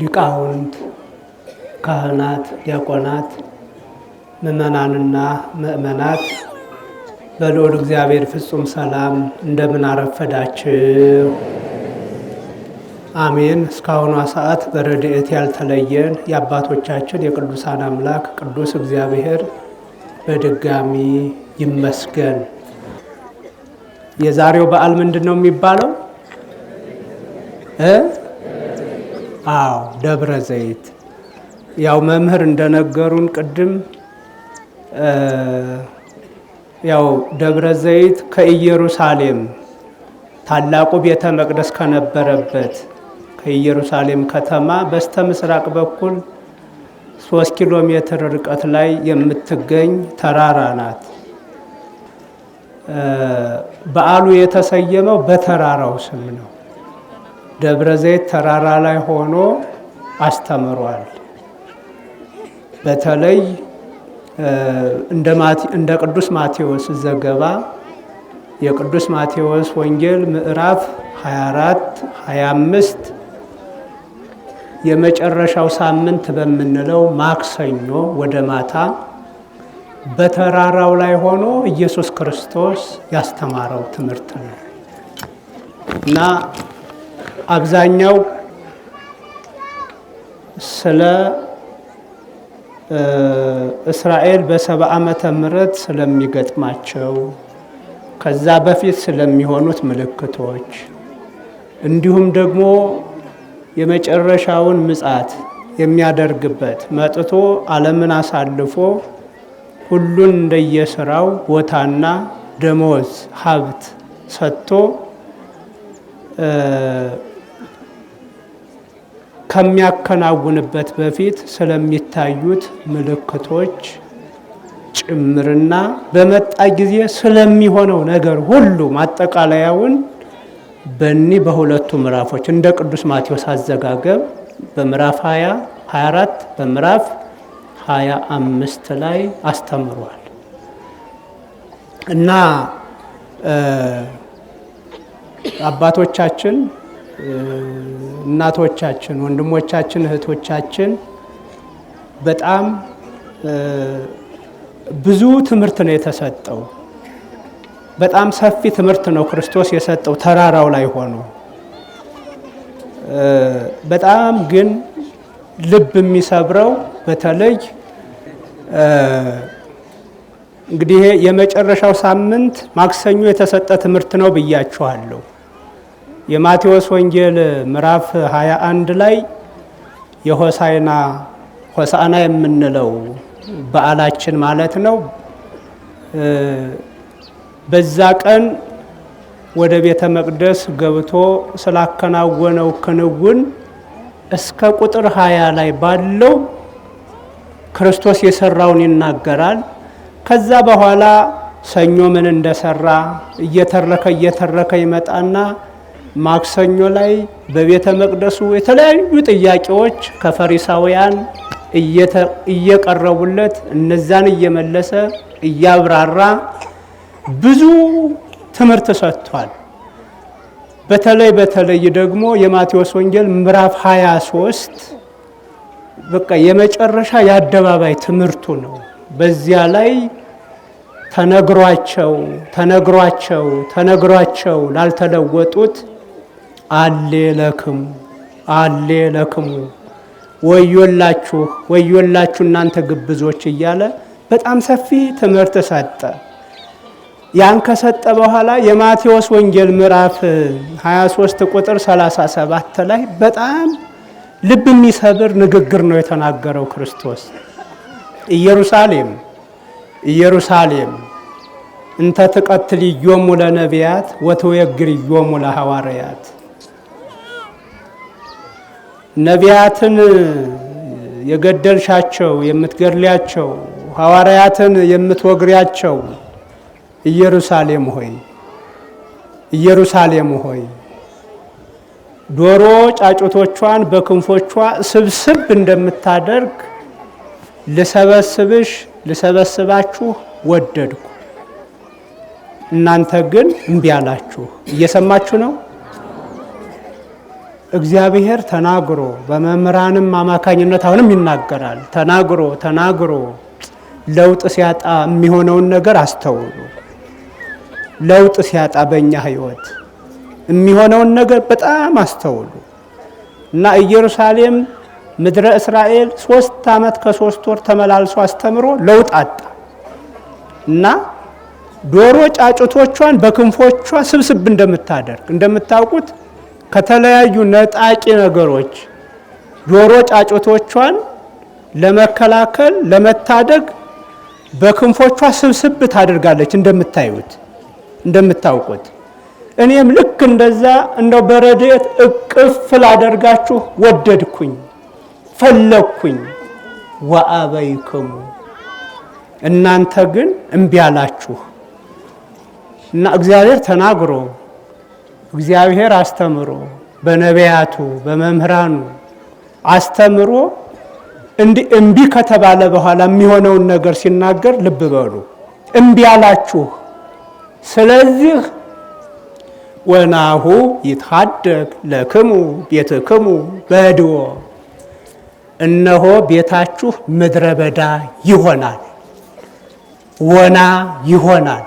ሊቃውንት፣ ካህናት፣ ዲያቆናት፣ ምእመናንና ምእመናት በልዑል እግዚአብሔር ፍጹም ሰላም እንደምን አረፈዳችሁ። አሜን። እስካሁኗ ሰዓት በረድኤት ያልተለየን የአባቶቻችን የቅዱሳን አምላክ ቅዱስ እግዚአብሔር በድጋሚ ይመስገን። የዛሬው በዓል ምንድን ነው የሚባለው? አዎ ደብረ ዘይት ያው መምህር እንደነገሩን ቅድም ያው ደብረ ዘይት ከኢየሩሳሌም ታላቁ ቤተ መቅደስ ከነበረበት ከኢየሩሳሌም ከተማ በስተ ምስራቅ በኩል ሶስት ኪሎ ሜትር ርቀት ላይ የምትገኝ ተራራ ናት። በዓሉ የተሰየመው በተራራው ስም ነው። ደብረ ዘይት ተራራ ላይ ሆኖ አስተምሯል። በተለይ እንደ ቅዱስ ማቴዎስ ዘገባ የቅዱስ ማቴዎስ ወንጌል ምዕራፍ 24 25 የመጨረሻው ሳምንት በምንለው ማክሰኞ ወደ ማታ በተራራው ላይ ሆኖ ኢየሱስ ክርስቶስ ያስተማረው ትምህርት ነው እና አብዛኛው ስለ እስራኤል በሰባ ዓመተ ምህረት ስለሚገጥማቸው ከዛ በፊት ስለሚሆኑት ምልክቶች እንዲሁም ደግሞ የመጨረሻውን ምጻት የሚያደርግበት መጥቶ ዓለምን አሳልፎ ሁሉን እንደየስራው ቦታና ደሞዝ ሀብት ሰጥቶ ከሚያከናውንበት በፊት ስለሚታዩት ምልክቶች ጭምርና በመጣ ጊዜ ስለሚሆነው ነገር ሁሉ ማጠቃለያውን በእኒህ በሁለቱ ምዕራፎች እንደ ቅዱስ ማቴዎስ አዘጋገብ በምዕራፍ 20 24 በምዕራፍ 25 ላይ አስተምሯል እና አባቶቻችን እናቶቻችን፣ ወንድሞቻችን፣ እህቶቻችን በጣም ብዙ ትምህርት ነው የተሰጠው። በጣም ሰፊ ትምህርት ነው ክርስቶስ የሰጠው ተራራው ላይ ሆኖ። በጣም ግን ልብ የሚሰብረው በተለይ እንግዲህ የመጨረሻው ሳምንት ማክሰኞ የተሰጠ ትምህርት ነው ብያችኋለሁ። የማቴዎስ ወንጌል ምዕራፍ 21 ላይ የሆሳይና ሆሳዕና የምንለው በዓላችን ማለት ነው። በዛ ቀን ወደ ቤተ መቅደስ ገብቶ ስላከናወነው ክንውን እስከ ቁጥር 20 ላይ ባለው ክርስቶስ የሰራውን ይናገራል። ከዛ በኋላ ሰኞ ምን እንደሰራ እየተረከ እየተረከ ይመጣና ማክሰኞ ላይ በቤተ መቅደሱ የተለያዩ ጥያቄዎች ከፈሪሳውያን እየቀረቡለት እነዛን እየመለሰ እያብራራ ብዙ ትምህርት ሰጥቷል። በተለይ በተለይ ደግሞ የማቴዎስ ወንጌል ምዕራፍ 23 በቃ የመጨረሻ የአደባባይ ትምህርቱ ነው። በዚያ ላይ ተነግሯቸው ተነግሯቸው ተነግሯቸው ላልተለወጡት አሌ ለክሙ አሌ ለክሙ ወዮላችሁ ወዮላችሁ እናንተ ግብዞች እያለ በጣም ሰፊ ትምህርት ሰጠ። ያን ከሰጠ በኋላ የማቴዎስ ወንጌል ምዕራፍ 23 ቁጥር 37 ላይ በጣም ልብ የሚሰብር ንግግር ነው የተናገረው ክርስቶስ። ኢየሩሳሌም ኢየሩሳሌም እንተ ትቀትል ዮም ለነቢያት ወትወግር ዮም ለሐዋርያት ነቢያትን የገደልሻቸው የምትገድሊያቸው ሐዋርያትን የምትወግሪያቸው ኢየሩሳሌም ሆይ ኢየሩሳሌም ሆይ ዶሮ ጫጩቶቿን በክንፎቿ ስብስብ እንደምታደርግ ልሰበስብሽ ልሰበስባችሁ ወደድኩ፣ እናንተ ግን እምቢ አላችሁ። እየሰማችሁ ነው። እግዚአብሔር ተናግሮ በመምህራንም አማካኝነት አሁንም ይናገራል። ተናግሮ ተናግሮ ለውጥ ሲያጣ የሚሆነውን ነገር አስተውሉ። ለውጥ ሲያጣ በእኛ ሕይወት የሚሆነውን ነገር በጣም አስተውሉ እና ኢየሩሳሌም ምድረ እስራኤል ሶስት ዓመት ከሶስት ወር ተመላልሶ አስተምሮ ለውጥ አጣ እና ዶሮ ጫጩቶቿን በክንፎቿ ስብስብ እንደምታደርግ እንደምታውቁት ከተለያዩ ነጣቂ ነገሮች ጆሮ ጫጩቶቿን ለመከላከል ለመታደግ በክንፎቿ ስብስብ ታደርጋለች። እንደምታዩት እንደምታውቁት እኔም ልክ እንደዛ እንደው በረድኤት እቅፍ ላደርጋችሁ ወደድኩኝ ፈለግኩኝ። ወአበይክሙ እናንተ ግን እምቢ አላችሁ እና እግዚአብሔር ተናግሮ እግዚአብሔር አስተምሮ በነቢያቱ በመምህራኑ አስተምሮ እምቢ ከተባለ በኋላ የሚሆነውን ነገር ሲናገር ልብ በሉ። እምቢ አላችሁ፣ ስለዚህ ወናሁ ይትሐደግ ለክሙ ቤትክሙ በድዎ፣ እነሆ ቤታችሁ ምድረ በዳ ይሆናል፣ ወና ይሆናል።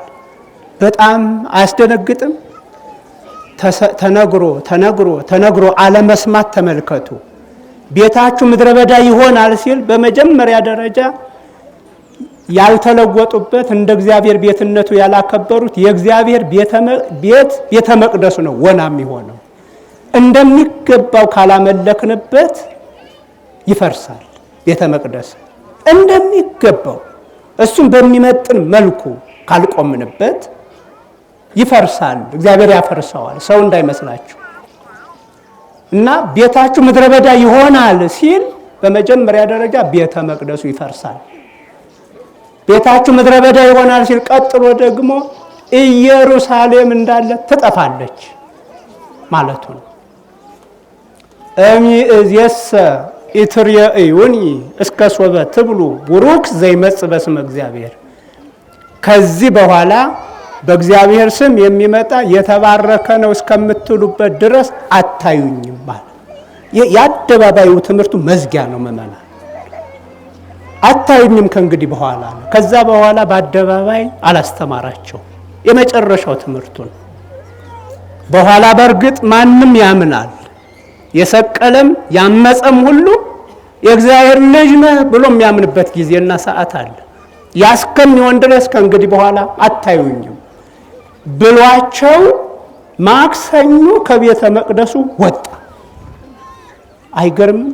በጣም አያስደነግጥም? ተነግሮ ተነግሮ ተነግሮ አለመስማት ተመልከቱ። ቤታችሁ ምድረ በዳ ይሆናል ሲል በመጀመሪያ ደረጃ ያልተለወጡበት እንደ እግዚአብሔር ቤትነቱ ያላከበሩት የእግዚአብሔር ቤት ቤተ መቅደሱ ነው ወና የሚሆነው። እንደሚገባው ካላመለክንበት ይፈርሳል ቤተ መቅደስ እንደሚገባው እሱም በሚመጥን መልኩ ካልቆምንበት ይፈርሳል። እግዚአብሔር ያፈርሰዋል። ሰው እንዳይመስላችሁ እና ቤታችሁ ምድረ በዳ ይሆናል ሲል በመጀመሪያ ደረጃ ቤተ መቅደሱ ይፈርሳል። ቤታችሁ ምድረ በዳ ይሆናል ሲል ቀጥሎ ደግሞ ኢየሩሳሌም እንዳለ ትጠፋለች ማለቱ ነው። እምይእዜሰ ኢትሬእዩኒ እስከ ሶበ ትብሉ ቡሩክ ዘይመጽእ በስመ እግዚአብሔር ከዚህ በኋላ በእግዚአብሔር ስም የሚመጣ የተባረከ ነው እስከምትሉበት ድረስ አታዩኝም ማለት የአደባባዩ ትምህርቱ መዝጊያ ነው። መመና አታዩኝም ከእንግዲህ በኋላ ነው። ከዛ በኋላ በአደባባይ አላስተማራቸው የመጨረሻው ትምህርቱን በኋላ በእርግጥ ማንም ያምናል የሰቀለም ያመፀም ሁሉ የእግዚአብሔር ልጅ ነህ ብሎ የሚያምንበት ጊዜና ሰዓት አለ። ያስከሚሆን ድረስ ከእንግዲህ በኋላ አታዩኝም። ብሏቸው ማክሰኞ ከቤተ መቅደሱ ወጣ። አይገርምም?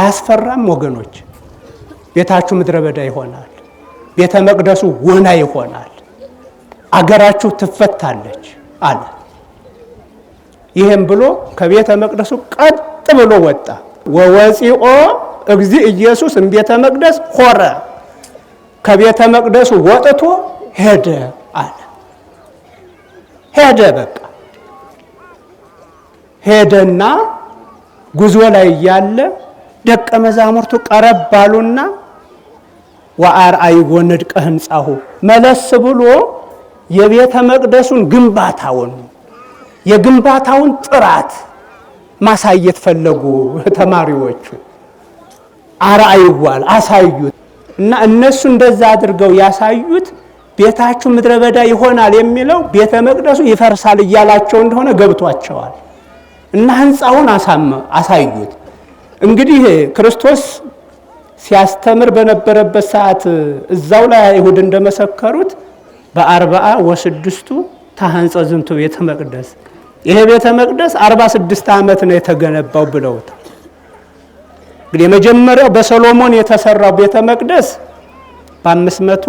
አያስፈራም? ወገኖች ቤታችሁ ምድረ በዳ ይሆናል። ቤተ መቅደሱ ወና ይሆናል። አገራችሁ ትፈታለች አለ። ይህም ብሎ ከቤተ መቅደሱ ቀጥ ብሎ ወጣ። ወወፂኦ እግዚ ኢየሱስ እምቤተ መቅደስ ሆረ። ከቤተ መቅደሱ ወጥቶ ሄደ። ሄደ። በቃ ሄደና ጉዞ ላይ እያለ ደቀ መዛሙርቱ ቀረብ ባሉና ወአርአይዎ ንድቀ ህንፃሁ መለስ ብሎ የቤተ መቅደሱን ግንባታውን የግንባታውን ጥራት ማሳየት ፈለጉ። ተማሪዎቹ አርአይዋል አሳዩት እና እነሱ እንደዛ አድርገው ያሳዩት ቤታችሁ ምድረ በዳ ይሆናል የሚለው ቤተ መቅደሱ ይፈርሳል እያላቸው እንደሆነ ገብቷቸዋል እና ህንፃውን አሳዩት። እንግዲህ ክርስቶስ ሲያስተምር በነበረበት ሰዓት እዛው ላይ አይሁድ እንደመሰከሩት በአርባአ ወስድስቱ ታህንፀ ዝንቱ ቤተ መቅደስ ይሄ ቤተ መቅደስ አርባ ስድስት ዓመት ነው የተገነባው ብለውታል። እንግዲህ የመጀመሪያው በሰሎሞን የተሰራው ቤተ መቅደስ በአምስት መቶ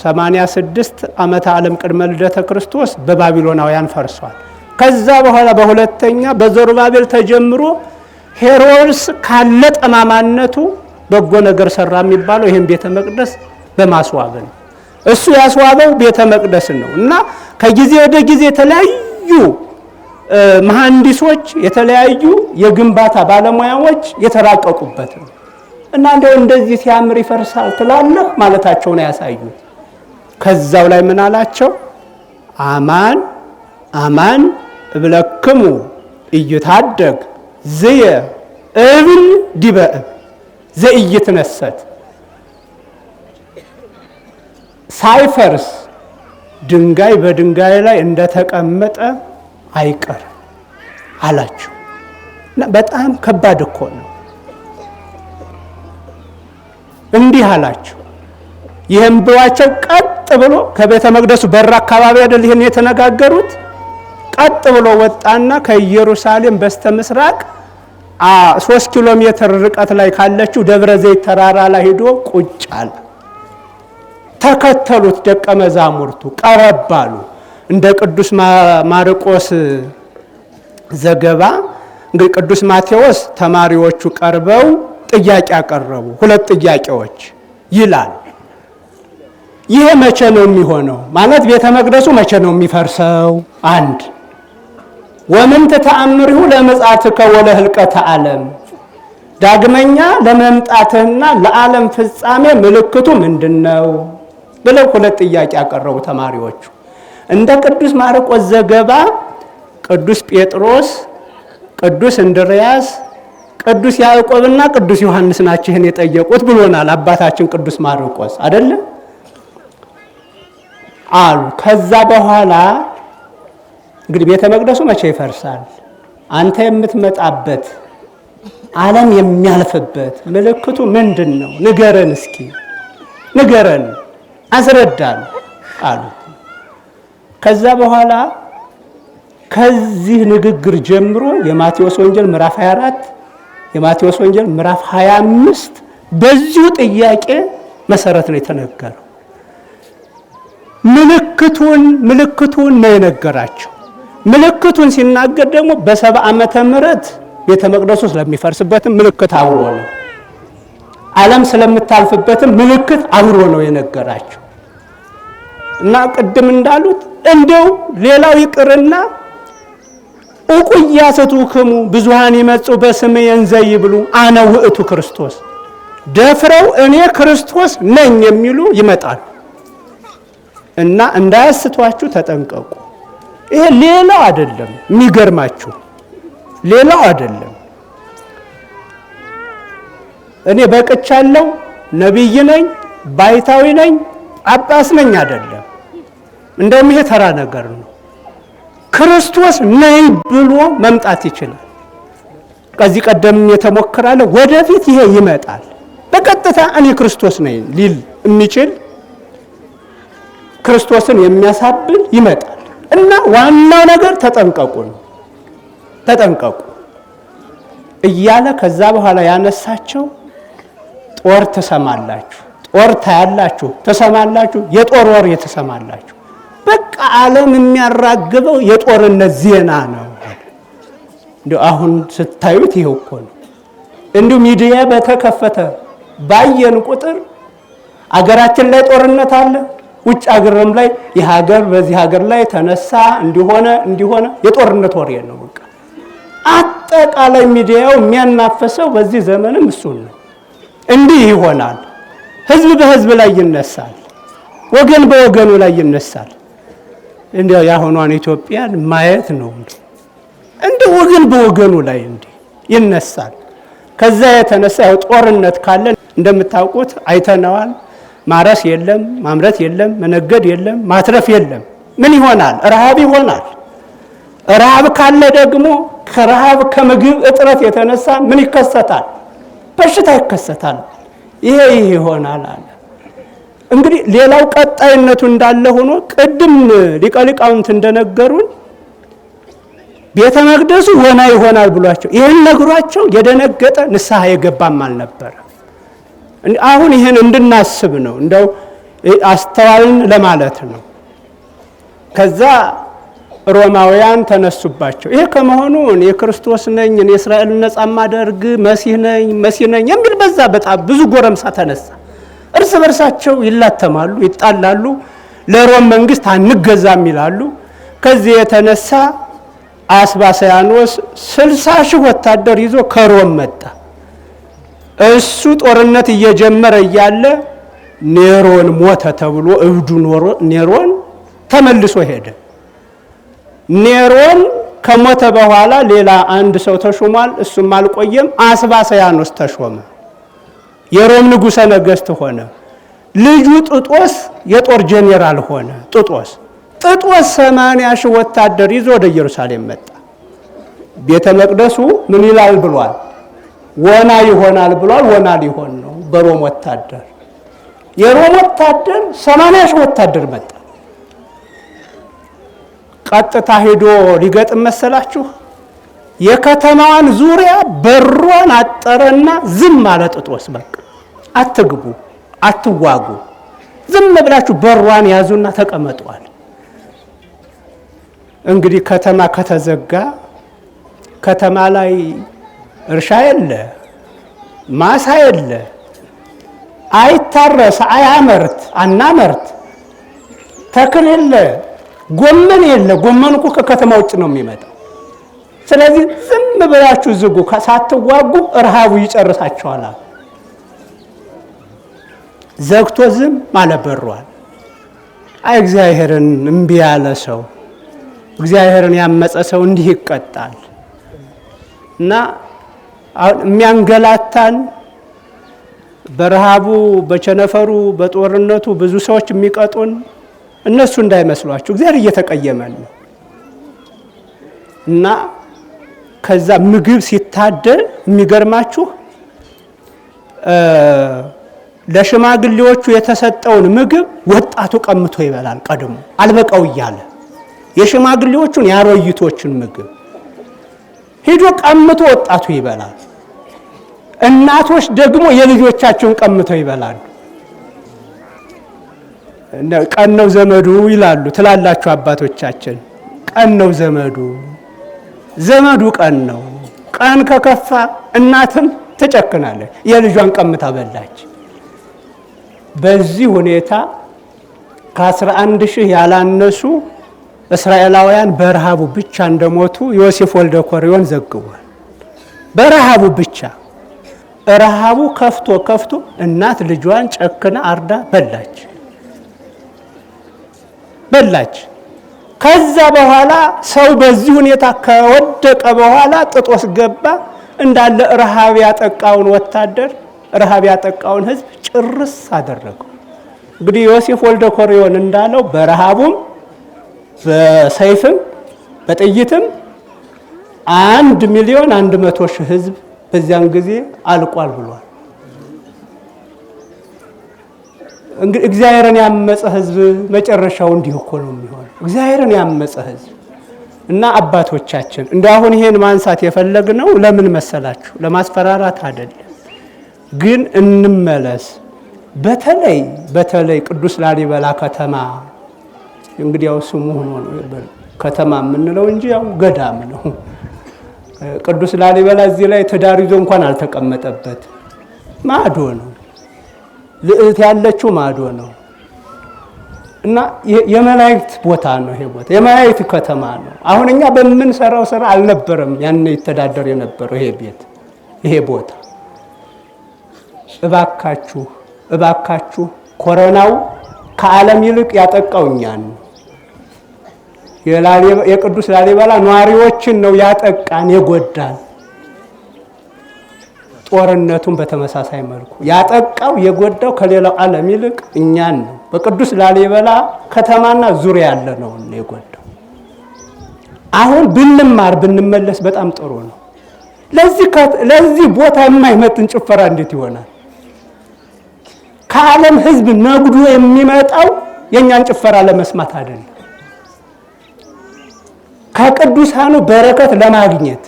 86 ዓመተ ዓለም ቅድመ ልደተ ክርስቶስ በባቢሎናውያን ፈርሷል። ከዛ በኋላ በሁለተኛ በዘሩባቤል ተጀምሮ ሄሮድስ ካለ ጠማማነቱ በጎ ነገር ሰራ የሚባለው ይህም ቤተ መቅደስ በማስዋብ ነው። እሱ ያስዋበው ቤተ መቅደስ ነው እና ከጊዜ ወደ ጊዜ የተለያዩ መሐንዲሶች፣ የተለያዩ የግንባታ ባለሙያዎች የተራቀቁበት ነው እና እንደው እንደዚህ ሲያምር ይፈርሳል ትላለህ ማለታቸውን ያሳዩት ከዛው ላይ ምን አላቸው? አማን አማን እብለክሙ እይታደግ ዝየ እብል ዲበ እብ ዘእይትነሰት ሳይፈርስ ድንጋይ በድንጋይ ላይ እንደተቀመጠ አይቀር አላችሁ። በጣም ከባድ እኮ ነው። እንዲህ አላችሁ ይህም ብሏቸው ቀጥ ብሎ ከቤተ መቅደሱ በር አካባቢ አይደል ይህን የተነጋገሩት። ቀጥ ብሎ ወጣና ከኢየሩሳሌም በስተ ምስራቅ ሶስት ኪሎ ሜትር ርቀት ላይ ካለችው ደብረ ዘይት ተራራ ላይ ሄዶ ቁጭ አለ። ተከተሉት ደቀ መዛሙርቱ ቀረብ አሉ። እንደ ቅዱስ ማርቆስ ዘገባ እንግዲህ ቅዱስ ማቴዎስ ተማሪዎቹ ቀርበው ጥያቄ አቀረቡ። ሁለት ጥያቄዎች ይላል ይሄ መቼ ነው የሚሆነው? ማለት ቤተ መቅደሱ መቼ ነው የሚፈርሰው? አንድ ወምንት ተአምሪሁ ለምጽአትከ ወለህልቀተ ዓለም ዳግመኛ ለመምጣትህና ለዓለም ፍጻሜ ምልክቱ ምንድን ነው ብለው ሁለት ጥያቄ ያቀረቡ ተማሪዎቹ እንደ ቅዱስ ማርቆስ ዘገባ ቅዱስ ጴጥሮስ፣ ቅዱስ እንድርያስ፣ ቅዱስ ያዕቆብና ቅዱስ ዮሐንስ ናቸው ይህን የጠየቁት ብሎናል አባታችን ቅዱስ ማርቆስ አይደለም። አሉ። ከዛ በኋላ እንግዲህ ቤተ መቅደሱ መቼ ይፈርሳል? አንተ የምትመጣበት ዓለም የሚያልፍበት ምልክቱ ምንድን ነው? ንገረን እስኪ ንገረን፣ አስረዳን አሉ። ከዛ በኋላ ከዚህ ንግግር ጀምሮ የማቴዎስ ወንጌል ምዕራፍ 24 የማቴዎስ ወንጌል ምዕራፍ 25 በዚሁ ጥያቄ መሰረት ነው የተነገረው። ምልክቱን ምልክቱን ነው የነገራቸው። ምልክቱን ሲናገር ደግሞ በሰባ ዓመተ ምህረት ቤተ መቅደሱ ስለሚፈርስበትም ምልክት አብሮ ነው፣ ዓለም ስለምታልፍበትም ምልክት አብሮ ነው የነገራቸው እና ቅድም እንዳሉት እንደው ሌላው ይቅርና እቁያ ክሙ ብዙሃን ይመጹ በስም የንዘይ ብሉ አነ ውእቱ ክርስቶስ ደፍረው እኔ ክርስቶስ ነኝ የሚሉ ይመጣሉ። እና እንዳያስቷችሁ ተጠንቀቁ። ይሄ ሌላው አይደለም፣ የሚገርማችሁ ሌላው አይደለም። እኔ በቅቻለሁ፣ ነቢይ ነኝ፣ ባይታዊ ነኝ፣ ጳጳስ ነኝ አይደለም። እንደውም ይሄ ተራ ነገር ነው። ክርስቶስ ነኝ ብሎ መምጣት ይችላል። ከዚህ ቀደም የተሞክራለሁ፣ ወደፊት ይሄ ይመጣል። በቀጥታ እኔ ክርስቶስ ነኝ ሊል የሚችል ክርስቶስን የሚያሳብል ይመጣል እና ዋናው ነገር ተጠንቀቁ ነው። ተጠንቀቁ እያለ ከዛ በኋላ ያነሳቸው ጦር ትሰማላችሁ፣ ጦር ታያላችሁ፣ ትሰማላችሁ፣ የጦር ወሬ ትሰማላችሁ። በቃ ዓለም የሚያራግበው የጦርነት ዜና ነው። እንዲሁ አሁን ስታዩት ይሄው እኮ ነው። እንዲሁ ሚዲያ በተከፈተ ባየን ቁጥር አገራችን ላይ ጦርነት አለ ውጭ ሀገርም ላይ የሀገር በዚህ ሀገር ላይ ተነሳ እንዲሆነ እንዲሆነ የጦርነት ወሬ ነው። በቃ አጠቃላይ ሚዲያው የሚያናፈሰው በዚህ ዘመንም እሱን ነው። እንዲህ ይሆናል፣ ህዝብ በህዝብ ላይ ይነሳል፣ ወገን በወገኑ ላይ ይነሳል። እንዲያው የአሁኗን ኢትዮጵያን ማየት ነው። እንዲህ ወገን በወገኑ ላይ እንዲህ ይነሳል። ከዛ የተነሳ ያው ጦርነት ካለ እንደምታውቁት አይተነዋል። ማረስ የለም፣ ማምረት የለም፣ መነገድ የለም፣ ማትረፍ የለም። ምን ይሆናል? ረሃብ ይሆናል። ረሃብ ካለ ደግሞ ከረሃብ ከምግብ እጥረት የተነሳ ምን ይከሰታል? በሽታ ይከሰታል። ይሄ ይህ ይሆናል አለ። እንግዲህ ሌላው ቀጣይነቱ እንዳለ ሆኖ ቅድም ሊቀ ሊቃውንት እንደነገሩን ቤተ መቅደሱ ወና ይሆናል ብሏቸው ይህን ነግሯቸው የደነገጠ ንስሐ የገባም አልነበረ። አሁን ይህን እንድናስብ ነው፣ እንደው አስተዋልን ለማለት ነው። ከዛ ሮማውያን ተነሱባቸው። ይሄ ከመሆኑ እኔ ክርስቶስ ነኝ፣ እኔ እስራኤልን ነጻ ማደርግ መሲህ ነኝ፣ መሲህ ነኝ የሚል በዛ በጣም ብዙ ጎረምሳ ተነሳ። እርስ በርሳቸው ይላተማሉ፣ ይጣላሉ፣ ለሮም መንግስት አንገዛም ይላሉ። ከዚህ የተነሳ አስባሳያኖስ ስልሳ ሺህ ወታደር ይዞ ከሮም መጣ። እሱ ጦርነት እየጀመረ እያለ ኔሮን ሞተ ተብሎ እብዱ ኔሮን ተመልሶ ሄደ። ኔሮን ከሞተ በኋላ ሌላ አንድ ሰው ተሾሟል። እሱም አልቆየም። አስባሰያኖስ ተሾመ። የሮም ንጉሠ ነገሥት ሆነ። ልጁ ጥጦስ የጦር ጄኔራል ሆነ። ጥጦስ ጥጦስ ሰማንያ ሺህ ወታደር ይዞ ወደ ኢየሩሳሌም መጣ። ቤተ መቅደሱ ምን ይላል ብሏል ወና ይሆናል ብሏል። ወና ሊሆን ነው በሮም ወታደር የሮም ወታደር ሰማንያ ሺህ ወታደር መጣ። ቀጥታ ሄዶ ሊገጥም መሰላችሁ? የከተማዋን ዙሪያ በሯን አጠረና ዝም አለ ጴጥሮስ። በቃ አትግቡ፣ አትዋጉ፣ ዝም ብላችሁ በሯን ያዙና ተቀመጧል። እንግዲህ ከተማ ከተዘጋ ከተማ ላይ እርሻ የለ፣ ማሳ የለ፣ አይታረስ፣ አያመርት፣ አናመርት፣ ተክል የለ፣ ጎመን የለ። ጎመን እኮ ከከተማ ውጭ ነው የሚመጣው። ስለዚህ ዝም ብላችሁ ዝጉ፣ ሳትዋጉ እርሃቡ ይጨርሳችኋል። ዘግቶ ዝም አለበሯል። እግዚአብሔርን እምቢ ያለ ሰው፣ እግዚአብሔርን ያመፀ ሰው እንዲህ ይቀጣል እና የሚያንገላታን በረሃቡ፣ በቸነፈሩ፣ በጦርነቱ ብዙ ሰዎች የሚቀጡን እነሱ እንዳይመስሏችሁ እግዚአብሔር እየተቀየመን ነው እና ከዛ ምግብ ሲታደል የሚገርማችሁ ለሽማግሌዎቹ የተሰጠውን ምግብ ወጣቱ ቀምቶ ይበላል። ቀድሞ አልበቃው እያለ የሽማግሌዎቹን የአሮጊቶችን ምግብ ሄዶ ቀምቶ ወጣቱ ይበላል። እናቶች ደግሞ የልጆቻቸውን ቀምተው ይበላሉ። ነው ዘመዱ ይላሉ ትላላችሁ አባቶቻችን። ቀን ነው ዘመዱ ዘመዱ ቀን ነው ቀን ከከፋ እናትም ትጨክናለች፣ የልጇን ቀምታ በላች። በዚህ ሁኔታ ከ11 ሺህ ያላነሱ እስራኤላውያን በረሃቡ ብቻ እንደሞቱ ዮሴፍ ወልደ ኮሪዮን ዘግቧል። በረሃቡ ብቻ ረሃቡ ከፍቶ ከፍቶ እናት ልጇን ጨክና አርዳ በላች በላች። ከዛ በኋላ ሰው በዚህ ሁኔታ ከወደቀ በኋላ ጥጦስ ገባ እንዳለ ረሃብ ያጠቃውን ወታደር ረሃብ ያጠቃውን ሕዝብ ጭርስ አደረገው። እንግዲህ ዮሴፍ ወልደ ኮሪዮን እንዳለው በረሃቡም በሰይፍም በጥይትም አንድ ሚሊዮን አንድ መቶ ሺህ ህዝብ በዚያን ጊዜ አልቋል ብሏል። እግዚአብሔርን ያመፀ ህዝብ መጨረሻው እንዲህ እኮ ነው የሚሆነው። እግዚአብሔርን ያመፀ ህዝብ እና አባቶቻችን እንደ አሁን ይሄን ማንሳት የፈለግነው ለምን መሰላችሁ? ለማስፈራራት አይደለም። ግን እንመለስ። በተለይ በተለይ ቅዱስ ላሊበላ ከተማ እንግዲያው ስሙ ሆኖ ነው ከተማ የምንለው እንጂ ያው ገዳም ነው። ቅዱስ ላሊበላ እዚህ ላይ ትዳር ይዞ እንኳን አልተቀመጠበት። ማዶ ነው ልዕት ያለችው ማዶ ነው እና የመላእክት ቦታ ነው። ይሄ ቦታ የመላእክት ከተማ ነው። አሁን እኛ በምንሰራው ስራ አልነበረም ያን ይተዳደር የነበረው ይሄ ቤት ይሄ ቦታ። እባካችሁ እባካችሁ ኮረናው ከዓለም ይልቅ ያጠቃው እኛን ነው። የቅዱስ ላሊበላ ነዋሪዎችን ነው ያጠቃን የጎዳን። ጦርነቱን በተመሳሳይ መልኩ ያጠቃው የጎዳው ከሌላው ዓለም ይልቅ እኛን ነው። በቅዱስ ላሊበላ ከተማና ዙሪያ ያለ ነው የጎዳው። አሁን ብንማር ብንመለስ በጣም ጥሩ ነው። ለዚህ ቦታ የማይመጥን ጭፈራ እንዴት ይሆናል? ከዓለም ሕዝብ ነግዶ የሚመጣው የእኛን ጭፈራ ለመስማት አይደለም። ከቅዱሳኑ በረከት ለማግኘት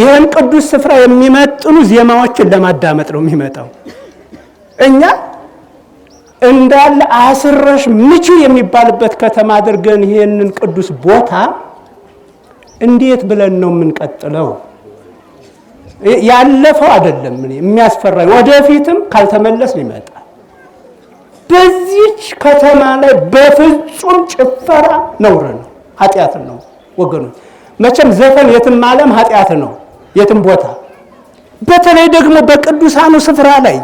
ይህን ቅዱስ ስፍራ የሚመጥኑ ዜማዎችን ለማዳመጥ ነው የሚመጣው። እኛ እንዳለ አስረሽ ምቹ የሚባልበት ከተማ አድርገን ይህንን ቅዱስ ቦታ እንዴት ብለን ነው የምንቀጥለው? ያለፈው አይደለም የሚያስፈራ፣ ወደፊትም ካልተመለስ ይመጣል። በዚች ከተማ ላይ በፍጹም ጭፈራ ነውር ነው። ኃጢአትን ነው ወገኖች። መቼም ዘፈን የትም ዓለም ኃጢአት ነው፣ የትም ቦታ። በተለይ ደግሞ በቅዱሳኑ ስፍራ ላይ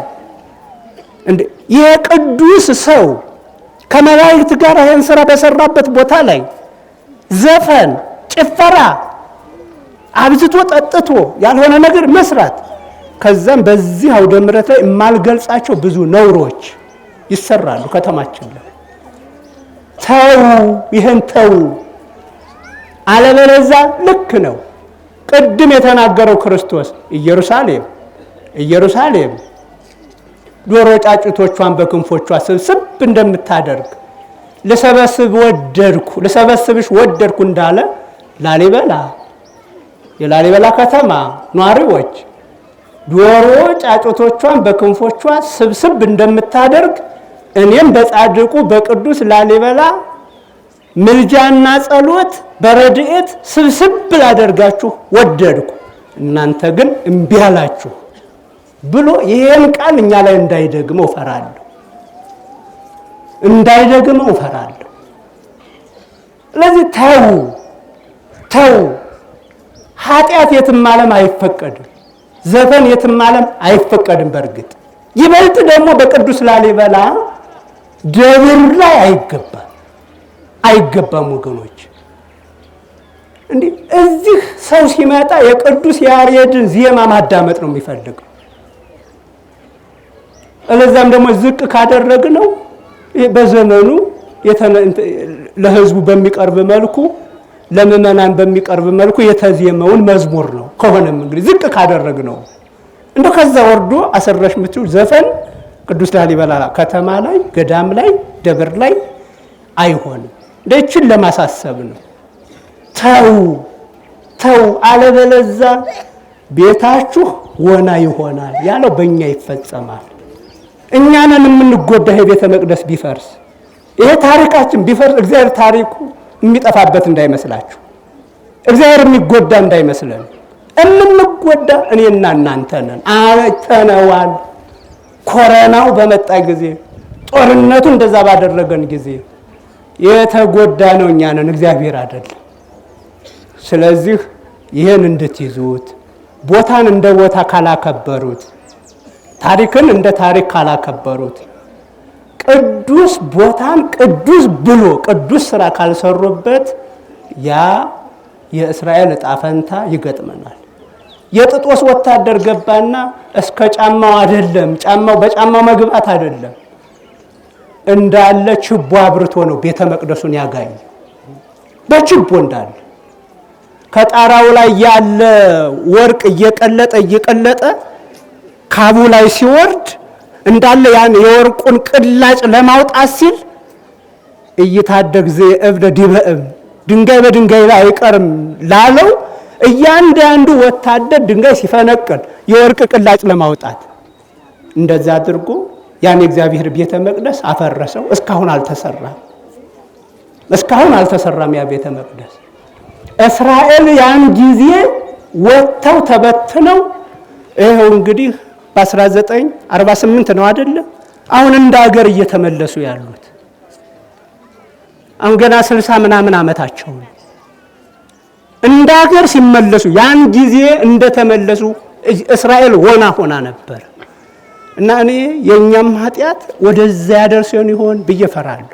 የቅዱስ ቅዱስ ሰው ከመላእክት ጋር ይህን ስራ በሰራበት ቦታ ላይ ዘፈን፣ ጭፈራ፣ አብዝቶ ጠጥቶ ያልሆነ ነገር መስራት ከዛም በዚህ አውደ ምረት ላይ የማልገልጻቸው ብዙ ነውሮች ይሰራሉ ከተማችን ላይ። ተው፣ ይህን ተው። አለበለዛ ልክ ነው። ቅድም የተናገረው ክርስቶስ ኢየሩሳሌም ኢየሩሳሌም ዶሮ ጫጩቶቿን በክንፎቿ ስብስብ እንደምታደርግ ልሰበስብ ወደድኩ ልሰበስብሽ ወደድኩ እንዳለ ላሊበላ የላሊበላ ከተማ ኗሪዎች ዶሮ ጫጩቶቿን በክንፎቿ ስብስብ እንደምታደርግ እኔም በጻድቁ በቅዱስ ላሊበላ ምልጃና ጸሎት በረድኤት ስብስብ ላደርጋችሁ ወደድኩ እናንተ ግን እምቢ አላችሁ ብሎ ይህን ቃል እኛ ላይ እንዳይደግመው እፈራለሁ እንዳይደግመው እፈራለሁ። ስለዚህ ተው ተው። ኃጢአት የትም ዓለም አይፈቀድም። ዘፈን የትም ዓለም አይፈቀድም። በእርግጥ ይበልጥ ደግሞ በቅዱስ ላሊበላ ደብር ላይ አይገባም። አይገባም ወገኖች። እንዲህ እዚህ ሰው ሲመጣ የቅዱስ ያሬድን ዜማ ማዳመጥ ነው የሚፈልገው። እለዛም ደግሞ ዝቅ ካደረግ ነው በዘመኑ ለሕዝቡ በሚቀርብ መልኩ ለምእመናን በሚቀርብ መልኩ የተዜመውን መዝሙር ነው። ከሆነም እንግዲህ ዝቅ ካደረግ ነው እንደ ከዛ ወርዶ አሰረሽ ምትው ዘፈን ቅዱስ ላሊበላ ከተማ ላይ ገዳም ላይ ደብር ላይ አይሆንም። ደችን ለማሳሰብ ነው። ተው ተው፣ አለበለዛ ቤታችሁ ወና ይሆናል ያለው በእኛ ይፈጸማል። እኛንን የምንጎዳ የቤተ መቅደስ ቢፈርስ ይሄ ታሪካችን ቢፈርስ እግዚአብሔር ታሪኩ የሚጠፋበት እንዳይመስላችሁ፣ እግዚአብሔር የሚጎዳ እንዳይመስለን። የምንጎዳ እኔና እናንተ ነን። አይተነዋል። ኮረናው በመጣ ጊዜ ጦርነቱ እንደዛ ባደረገን ጊዜ የተጎዳ ነው እኛ ነን፣ እግዚአብሔር አይደለም። ስለዚህ ይህን እንድትይዙት ቦታን እንደ ቦታ ካላከበሩት፣ ታሪክን እንደ ታሪክ ካላከበሩት፣ ቅዱስ ቦታን ቅዱስ ብሎ ቅዱስ ስራ ካልሰሩበት ያ የእስራኤል ዕጣ ፈንታ ይገጥመናል። የጥጦስ ወታደር ገባና እስከ ጫማው አይደለም ጫማው በጫማው መግባት አይደለም እንዳለ ችቦ አብርቶ ነው ቤተ መቅደሱን ያጋዩ በችቦ እንዳለ ከጣራው ላይ ያለ ወርቅ እየቀለጠ እየቀለጠ ካቡ ላይ ሲወርድ እንዳለ ያን የወርቁን ቅላጭ ለማውጣት ሲል እይታደግ ዘ እብደ ዲበእም ድንጋይ በድንጋይ ላይ አይቀርም ላለው እያንዳንዱ ወታደር ድንጋይ ሲፈነቅል የወርቅ ቅላጭ ለማውጣት እንደዛ አድርጎ ያን የእግዚአብሔር ቤተ መቅደስ አፈረሰው። እስካሁን አልተሰራም። እስካሁን አልተሰራም ያ ቤተ መቅደስ። እስራኤል ያን ጊዜ ወጥተው ተበትነው ይኸው እንግዲህ በ1948 ነው አደለ? አሁን እንደ ሀገር እየተመለሱ ያሉት አሁን ገና ስልሳ ምናምን ዓመታቸው ነው። እንደ አገር ሲመለሱ ያን ጊዜ እንደተመለሱ እስራኤል ሆና ሆና ነበር። እና እኔ የእኛም ኃጢአት ወደዛ ያደርሰን ይሆን ብዬ ፈራለሁ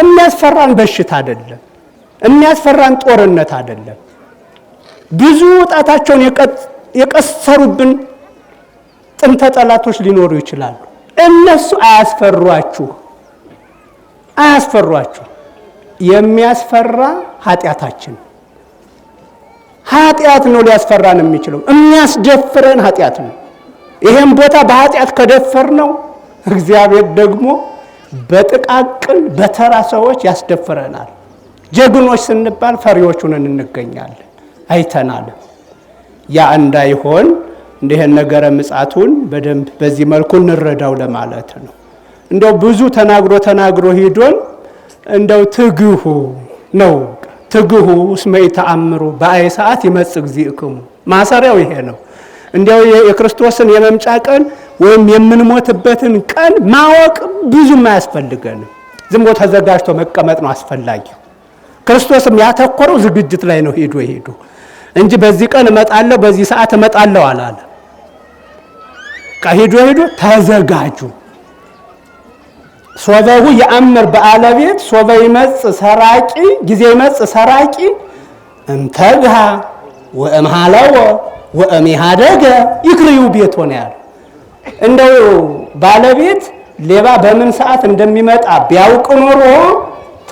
የሚያስፈራን በሽታ አይደለም፣ የሚያስፈራን ጦርነት አይደለም። ብዙ ጣታቸውን የቀሰሩብን ጥንተ ጠላቶች ሊኖሩ ይችላሉ። እነሱ አያስፈሯችሁ፣ አያስፈሯችሁ። የሚያስፈራ ኃጢአታችን ኃጢአት ነው ሊያስፈራን የሚችለው። የሚያስደፍረን ኃጢአት ነው። ይሄን ቦታ በኃጢአት ከደፈር ነው እግዚአብሔር ደግሞ በጥቃቅን በተራ ሰዎች ያስደፍረናል። ጀግኖች ስንባል ፈሪዎቹን እንገኛለን አይተናል። ያ እንዳይሆን እንዲህን ነገረ ምጻቱን በደንብ በዚህ መልኩ እንረዳው ለማለት ነው። እንደው ብዙ ተናግሮ ተናግሮ ሂዶን እንደው ትግሁ ነው ትግሁ እስመ ኢተአምሩ በአይ ሰዓት ይመጽእ እግዚእክሙ ማሰሪያው ይሄ ነው። እንዲያው የክርስቶስን የመምጫ ቀን ወይም የምንሞትበትን ቀን ማወቅ ብዙም አያስፈልገንም። ዝም ብሎ ተዘጋጅቶ መቀመጥ ነው አስፈላጊ። ክርስቶስም ያተኮረው ዝግጅት ላይ ነው። ሄዶ ሄዶ እንጂ በዚህ ቀን እመጣለሁ በዚህ ሰዓት እመጣለሁ አላለ። ከሄዶ ሄዶ ተዘጋጁ። ሶበሁ የአምር በአለቤት ሶበ ይመጽ ሰራቂ ጊዜ ይመጽ ሰራቂ እምተግሃ ወእምሃለወ ወእሜሃደገ ይክርዩ ቤት ሆነ ያለ እንደው ባለቤት ሌባ በምን ሰዓት እንደሚመጣ ቢያውቅ ኖሮ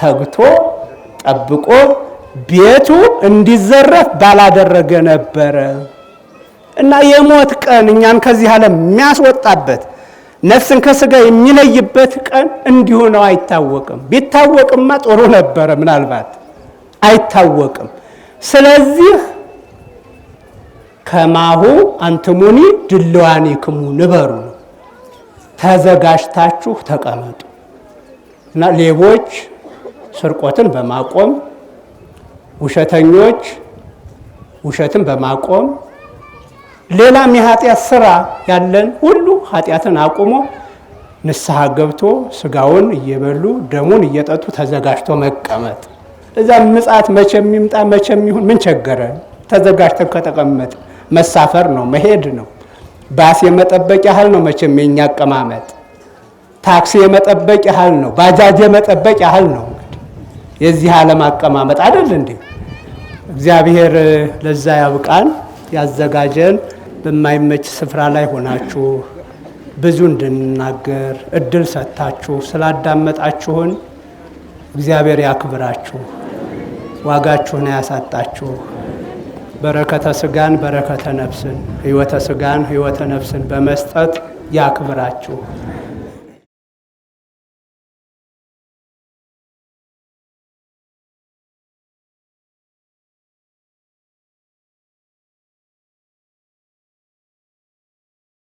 ተግቶ ጠብቆ ቤቱ እንዲዘረፍ ባላደረገ ነበረ። እና የሞት ቀን እኛን ከዚህ ዓለም የሚያስወጣበት ነፍስን ከስጋ የሚለይበት ቀን እንዲሁ ነው። አይታወቅም። ቢታወቅማ ጥሩ ነበረ። ምናልባት አይታወቅም። ስለዚህ ከማሁ አንትሙኒ ድልዋኒክሙ ንበሩ ተዘጋጅታችሁ ተቀመጡ እና ሌቦች ስርቆትን በማቆም ውሸተኞች ውሸትን በማቆም ሌላም የኃጢአት ስራ ያለን ሁሉ ኃጢአትን አቁሞ ንስሐ ገብቶ ስጋውን እየበሉ ደሙን እየጠጡ ተዘጋጅቶ መቀመጥ። እዛ ምጽአት መቼ የሚምጣ መቼ ይሁን ምን ቸገረን? ተዘጋጅተን ከተቀመጥ መሳፈር ነው፣ መሄድ ነው። ባስ የመጠበቅ ያህል ነው መቼም የኛ አቀማመጥ። ታክሲ የመጠበቅ ያህል ነው፣ ባጃጅ የመጠበቅ ያህል ነው። እንግዲህ የዚህ ዓለም አቀማመጥ አይደል እንዴ? እግዚአብሔር ለዛ ያብቃን ያዘጋጀን። በማይመች ስፍራ ላይ ሆናችሁ ብዙ እንድንናገር እድል ሰጥታችሁ ስላዳመጣችሁን እግዚአብሔር ያክብራችሁ፣ ዋጋችሁን ያሳጣችሁ። በረከተ ስጋን በረከተ ነፍስን፣ ህይወተ ስጋን ህይወተ ነፍስን በመስጠት ያክብራችሁ።